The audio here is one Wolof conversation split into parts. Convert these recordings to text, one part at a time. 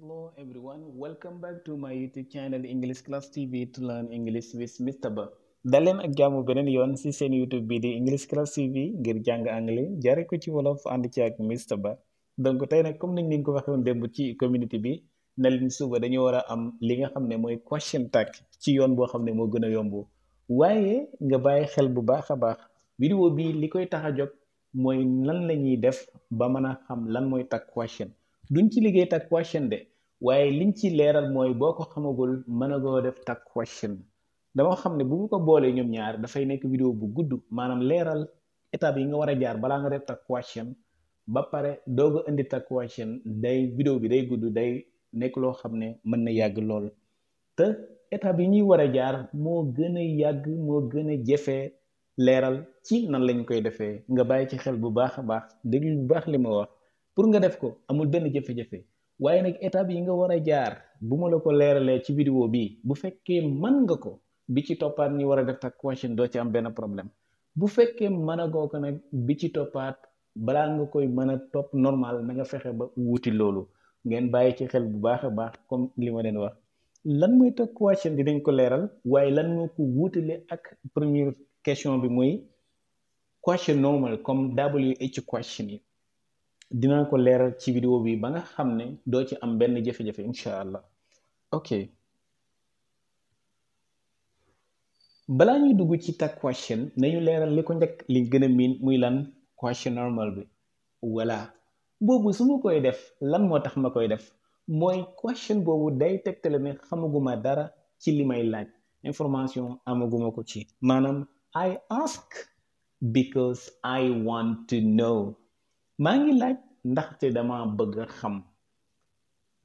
Hello everyone, welcome back to my YouTube channel English Class TV to learn English with Mr. Ba. daleen ak jàmm beneen yoon ci seen YouTube bi di English Class TV ngir jàng anglais jaare ko ci wolof ànd ci ak Mr. Ba donc tey nag comme nañ leen ko waxee woon démb ci community bi na leen suba dañu war a am li nga xam ne mooy question tag ci yoon boo xam ne moo gën a yomb waaye nga bàyyi xel bu baax a baax vidéo bi li koy tax a jóg mooy lan la ñuy def ba mën a xam lan mooy takk question duñ ci liggéey tag question de waaye liñ ci leeral mooy boo ko xamagul mën a goo def tag question dama xam ne bu mu ko boolee ñoom ñaar dafay nekk vidéo bu gudd maanaam leeral étape yi nga war a jaar balaa nga def takk question ba pare doog a indi tag question day vidéo bi day gudd day nekk loo xam ne mën na yàgg lool te étape yi ñuy war a jaar moo gën a yàgg moo gën a jafe leeral ci nan lañu koy defee nga bàyyi ci xel bu baax a baax déglu bu baax li ma wax pour nga def ko amul benn jafe-jafe waaye nag étape yi nga war a jaar bu ma la ko leeralee ci vidéo bi bu fekkee mën nga ko bi ci toppaat ñi war a def taqwashin doo ci am benn problème bu fekkee mën a goo ko nag bi ci toppaat balaa nga koy mën a topp normal na nga fexe ba wuti loolu ngeen bàyyi ci xel bu baax a baax comme li ma leen wax lan mooy taqwashin dañ ko leeral waaye lan moo ko wuutale ak premier question bi mooy question normal comme WH question yi dinaa ko leeral ci vidéo bi ba nga xam ne doo ci am benn jafe-jafe incha allah ok balaa ñuy dugg ci tag question nañu leeral li ko njëkk liñ gën a miin muy lan question normal bi voilà boobu su ma koy def lan moo tax ma koy def mooy question boobu day tegtale ne xamaguma dara ci li may laaj information amaguma ko ci maanaam I ask because I want to know maa ngi laaj ndaxte dama bëgg a xam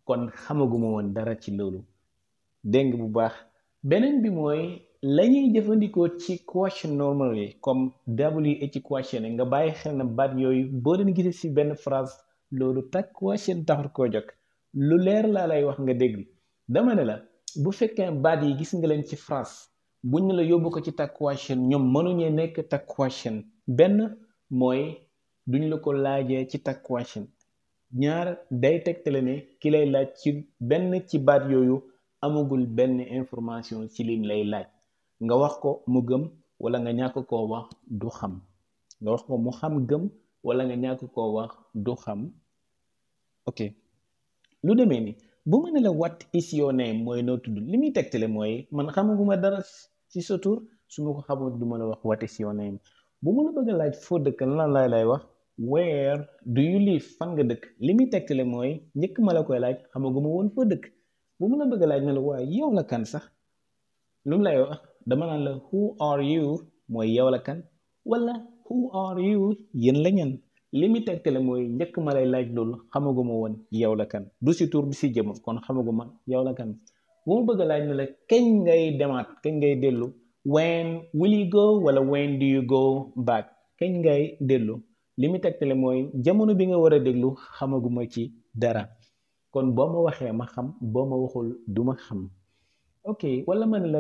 kon xamaguma woon dara ci loolu dégg bu baax beneen bi mooy la ñuy jëfandikoo ci question normal yi comme WH question yi nga bàyyi xel na baat yooyu boo leen gisee ci benn phrase loolu takk question taxut koo jog lu leer laa lay wax nga dégg dama ne la bu fekkee baat yi gis nga leen ci phrase buñ ne la yóbbu ko ci takk question ñoom mënuñee nekk takk question benn mooy duñ la ko laajee ci takk wàccin ñaar day tegtale ne ki lay laaj ci benn ci baat yooyu amagul benn information ci lim lay laaj nga wax ko mu gëm wala nga ñàkk koo du xam wax ko mu xam gëm wala nga ñàkk koo wax du xam ok lu demee ni bu ma ne la what is your name mooy noo tudd li muy tegtale mooy man xamaguma dara ci sa tur su ma ko xamul du ma la wax what is your name bu ma la bëgg laaj foo dëkk lan laay lay wax where do you live fan nga dëkk li muy tegtale mooy njëkk ma la koy laaj xamaguma woon foo dëkk bu mu la bëgg laaj na la waaye yow la kan sax lu mu lay wax dama naan la who are you mooy yow la kan wala who are you yéen la ñan li muy tegtale mooy njëkk ma lay laaj loolu xamaguma woon yow la kan du si tur du si jëm kon xamaguma yow la kan bu mu bëgg laaj ne la kañ ngay demaat kañ ngay dellu when will you go wala when do you go back kañ ngay dellu li mu tegtale mooy jamono bi nga war a déglu xamaguma ci dara kon boo ma waxee ma xam boo ma waxul duma xam ok wala ma la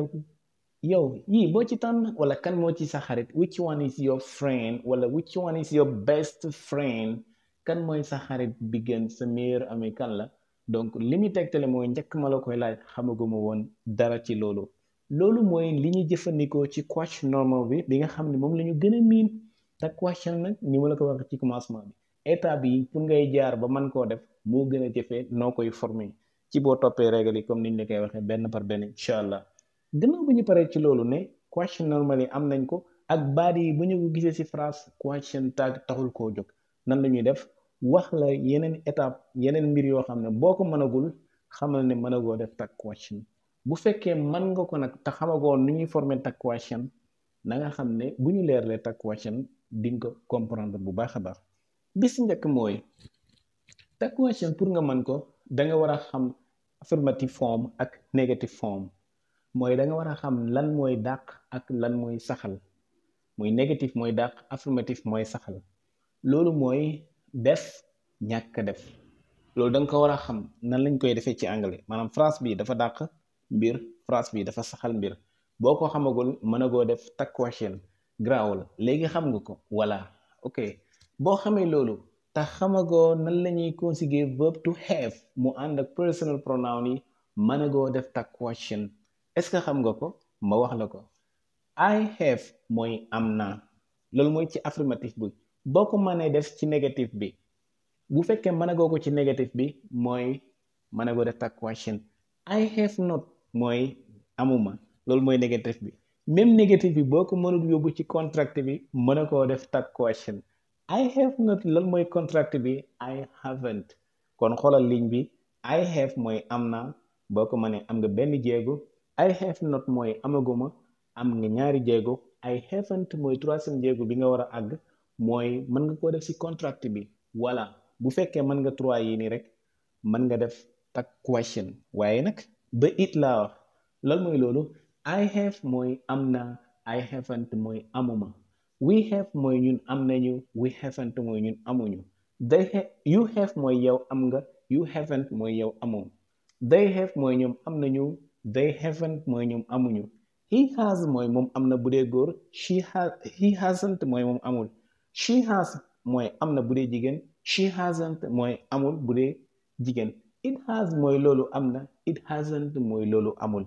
yow yii boo ci tànn wala kan moo ci sa xarit which one is your friend wala which one is your best friend kan mooy sa xarit bi gën sa meilleur ami kan la donc li mu tegtale mooy njëkk ma la koy laaj xamaguma woon dara ci loolu loolu mooy li ñu jëfandikoo ci Quatch normal bi bi nga xam ne moom la ñu miin taquation nag ni ma la ko wax ci commencement bi étape yi pour ngay jaar ba man koo def boo gën a jëfee noo koy former ci boo toppee règle yi comme ni ñu la koy waxee benn par benn incha allah gannaaw bu ñu paree ci loolu ne question normal yi am nañ ko ak baat yi bu ñu ko gisee ci phrase question tag taxul koo jog nan la ñuy def wax la yeneen étape yeneen mbir yoo xam ne boo ko mënagul xamal ne mënagoo def tag question bu fekkee mën nga ko nag t xamagoo nu ñuy former tag question na nga xam ne bu ñu leerlee tag question di ko comprendre bu baax a baax bi njëkk mooy ta question pour nga mën ko danga war a xam affirmative form ak négatif form mooy danga war a xam lan mooy dàq ak lan mooy saxal mooy négatif mooy dàq affirmative mooy saxal loolu mooy def ñàkk def loolu da ko war a xam nan lañ koy defee ci anglais maanaam france bi dafa dàq mbir phrase bi dafa saxal mbir boo ko xamagul mën a goo def ta question garaawul léegi xam nga ko voilà ok boo xamee loolu tax xamagoo nan la ñuy conjuguer verbe to have mu ànd ak personal pronoun yi mën a goo def ta est-ce que xam nga ko ma wax la ko I have mooy am naa loolu mooy ci affirmatif bi boo ko mënee def ci négatif bi bu fekkee mën a goo ko ci négatif bi mooy mën a goo def ta question I have not mooy amuma loolu mooy négatif bi même négative bi boo ko mënul yóbbu ci contract bi mën a koo def takk question I have not lan mooy contract bi I haven't kon xoolal ligne bi I have mooy am na boo ko mënee am nga benn jéego I have not mooy amaguma am nga ñaari jéego I haven't mooy troisième jéego bi nga war a àgg mooy mën nga koo def ci contract bi wala bu fekkee mën nga trois yi nii rek mën nga def tag question waaye nag ba it laa wax lan mooy loolu. I have mooy am na I haven't mooy amuma we have mooy ñun am nañu we haven't mooy ñun amuñu they have have mooy yow am nga you haven't mooy yow amoo they have mooy ñoom am nañu they haven't mooy ñoom amuñu he has mooy moom am na bu dee góor she has he mooy moom amul she has mooy am na bu dee jigéen she hasn't mooy amul bu dee jigéen it has mooy loolu am na it hasn't mooy loolu amul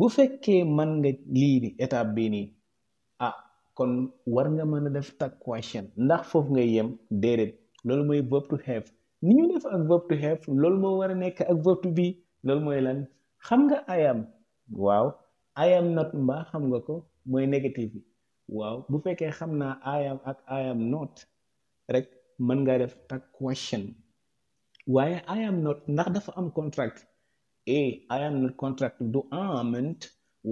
bu fekkee mën nga lii ni étape bii nii ah kon war nga mën a def tag question ndax foofu ngay yem déedéet loolu mooy verb to have ni ñu def ak verb to have loolu moo war a nekk ak verb to be loolu mooy lan xam nga I waaw I am not mbaa xam nga ko mooy négatif bi waaw bu fekkee xam naa I ak I am not rek mën nga def tag question waaye I am not ndax dafa am contract a I am not contract du amant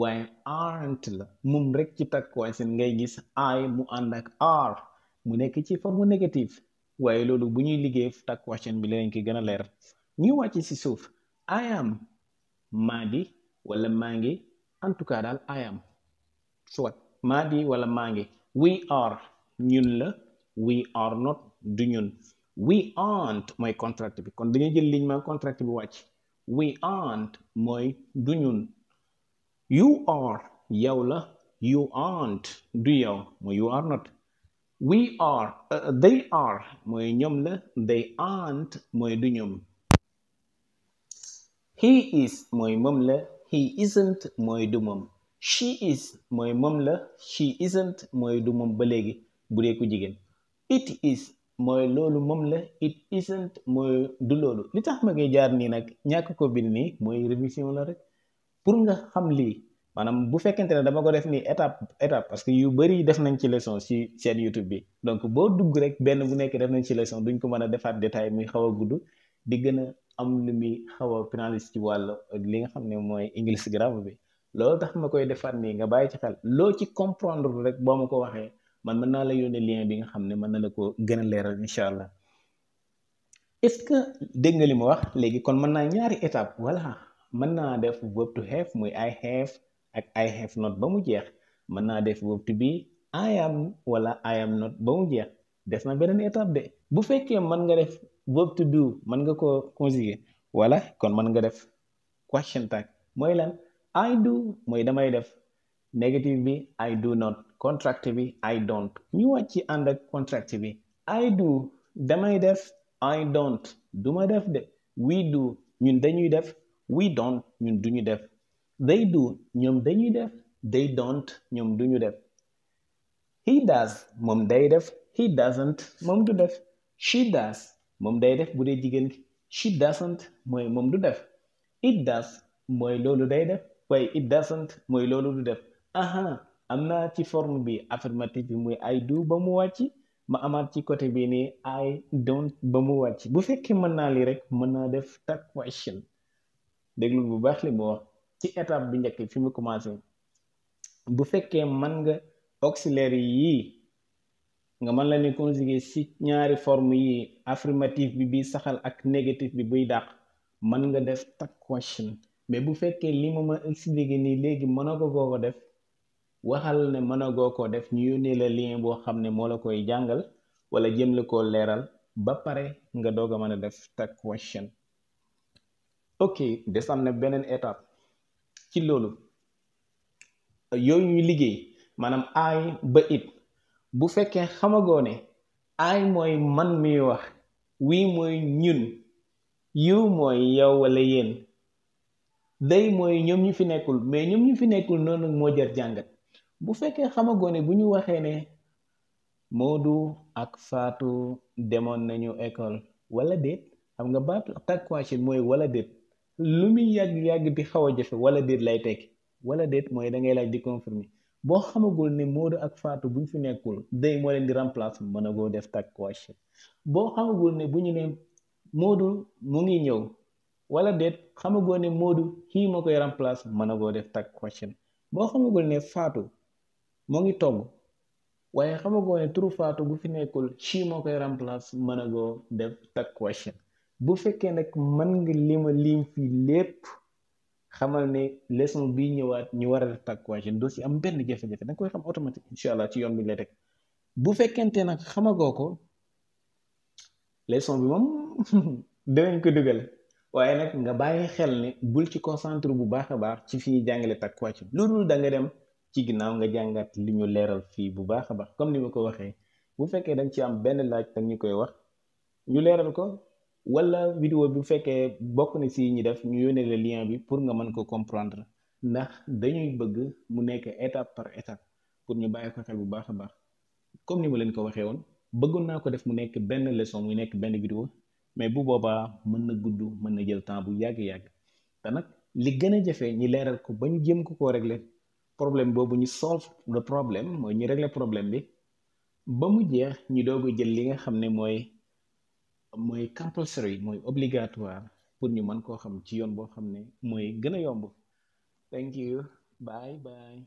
waaye aren't la moom rek ci tag coincide ngay gis I mu ànd ak are mu nekk ci forme négative waaye loolu bu ñuy liggéey tag question bi leneen ki gën a leer ñu wàcc si suuf I am maa di wala maa ngi en tout cas daal I am soit maa di wala maa ngi we are ñun la we are not du ñun we aren't mooy contract bi kon dañuy jël liñ ma contract bi wàcc we aren't mooy du ñun you are yow la you aren't du yow mooy you are not we uh, uh, they are mooy ñoom la they aren't mooy du ñoom he is mooy moom la he isn't mooy du she is mooy moom she isn't mooy du moom ba jigéen mooy loolu moom la it isn't mooy du loolu li tax ma koy jaar nii nag ñàkk ko bind nii mooy révision la rek pour nga xam lii maanaam bu fekkente ne dama ko def nii étape étape parce que yu bëri def nañ ci leçon si seen YouTube bi donc boo dugg rek benn bu nekk def nañ ci leçon duñ ko mën a defaat détail muy xaw a gudd di gën a am lu muy xaw a pénaliste ci wàll li nga xam ne mooy English grammar bi loolu tax ma koy defaat nii nga bàyyi ci xel loo ci comprendre rek boo ma ko waxee. man mën naa la yónnee lien bi nga xam ne mën na la ko gën a leeral incha allah est-ce que dégg nga li mu wax léegi kon mën naa ñaari étape voilà mën naa def verb to have muy ay have ak I have not ba mu jeex mën naa def verb to be I am wala I am not ba mu jeex des na beneen étape de bu fekkee mën nga def verb to do mën nga ko conjuguer wala kon mën nga def question tag mooy lan I do mooy damay def négative bi I do not contract bi I don't ñu wàcc ci ànd ak bi I do damay def I don't du def de we do ñun dañuy def we don't ñun duñu def they do ñoom dañuy def they don't ñoom duñu def he does moom day def he doesn't moom du def she does moom day def bu dee jigéen ki she doesn't mooy moom du def it does mooy loolu day def waaye it doesn't mooy loolu du def aha am naa ci forme bi affirmative bi muy ay do ba mu wàcc ma amaat ci côté bi nii I don't ba mu wàcc bu fekkee mën naa lii rek mën naa def ta question déglu bu baax li mu wax ci étape bi njëkk fi mu commencé bu fekkee man nga auxiliaire yii nga mën la ne conjuguer si ñaari forme yi affirmative bi bi saxal ak négatif bi buy dàq mën nga def ta question mais bu fekkee li ma ma expliqué nii léegi mën na ko koo def waxal ne mënagoo ko def ñu yónnee la lien boo xam ne moo la koy jàngal wala jëm la koo leeral ba pare nga doog a mën a def ta question ok des am na beneen étape ci loolu yooyu ñuy liggéey maanaam aay ba it bu fekkee xamagoo ne aay mooy man miy wax wii mooy ñun yu mooy yow wala yéen day mooy ñoom ñu fi nekkul mais ñoom ñu fi nekkul noonu moo jar jàngat bu fekkee xamagoo ne bu ñu waxee ne Modou ak Fatou demoon nañu école wala déet xam nga baatu takwashin mooy wala déet lu muy yàgg-yàgg bi xaw a jafe wala déet lay tekki wala déet mooy da ngay laaj di confirmer boo xamagul ne Modou ak Fatou bu ñu fi nekkul day moo leen di remplacer mën a goo def takwashin boo xamagul ne bu ñu ne Modou mu ngi ñëw wala déet xamagoo ne kii moo koy remplacer mën a goo def takwashin boo xamagul ne Fatou moo ngi togg waaye xamagoo ne turu bu fi nekkul chi moo koy remplace mën a goo def tag question bu fekkee nag mën nga lima lim fii lépp xamal ne leçon bii ñëwaat ñu waral takk def tag doo si am benn jafe-jafe da koy xam automatique incha allah ci yoon bi lay teg bu fekkente nag xamagoo ko leçon bi moom dinañ ko dugal waaye nag nga bàyyi xel ne bul ci concentre bu baax a baax ci fii jàngale tag question loolu da nga dem ci ginnaaw nga jàngat li ñu leeral fii bu baax a baax comme ni ma ko waxee bu fekkee dañ ci am benn laaj tam ñu koy wax ñu leeral ko wala vidéo bu fekkee bokk na si ñi def ñu yónnee le lien bi pour nga mën ko comprendre ndax dañuy bëgg mu nekk étape par étape pour ñu bàyyi ko xel bu baax a baax comme ni ma leen ko waxee woon bëggoon naa ko def mu nekk benn leçon muy nekk benn vidéo mais bu boobaa mën na gudd mën na jël temps bu yàgg-yàgg te gën a ñi leeral ko ba ñu jëm ko koo régler problème boobu ñu solve le problème mooy ñu régler problème bi ba mu jeex ñu doog a jël li nga xam ne mooy mooy compulsory mooy obligatoire pour ñu mën koo xam ci yoon boo xam ne mooy gën a yomb thank you bye bye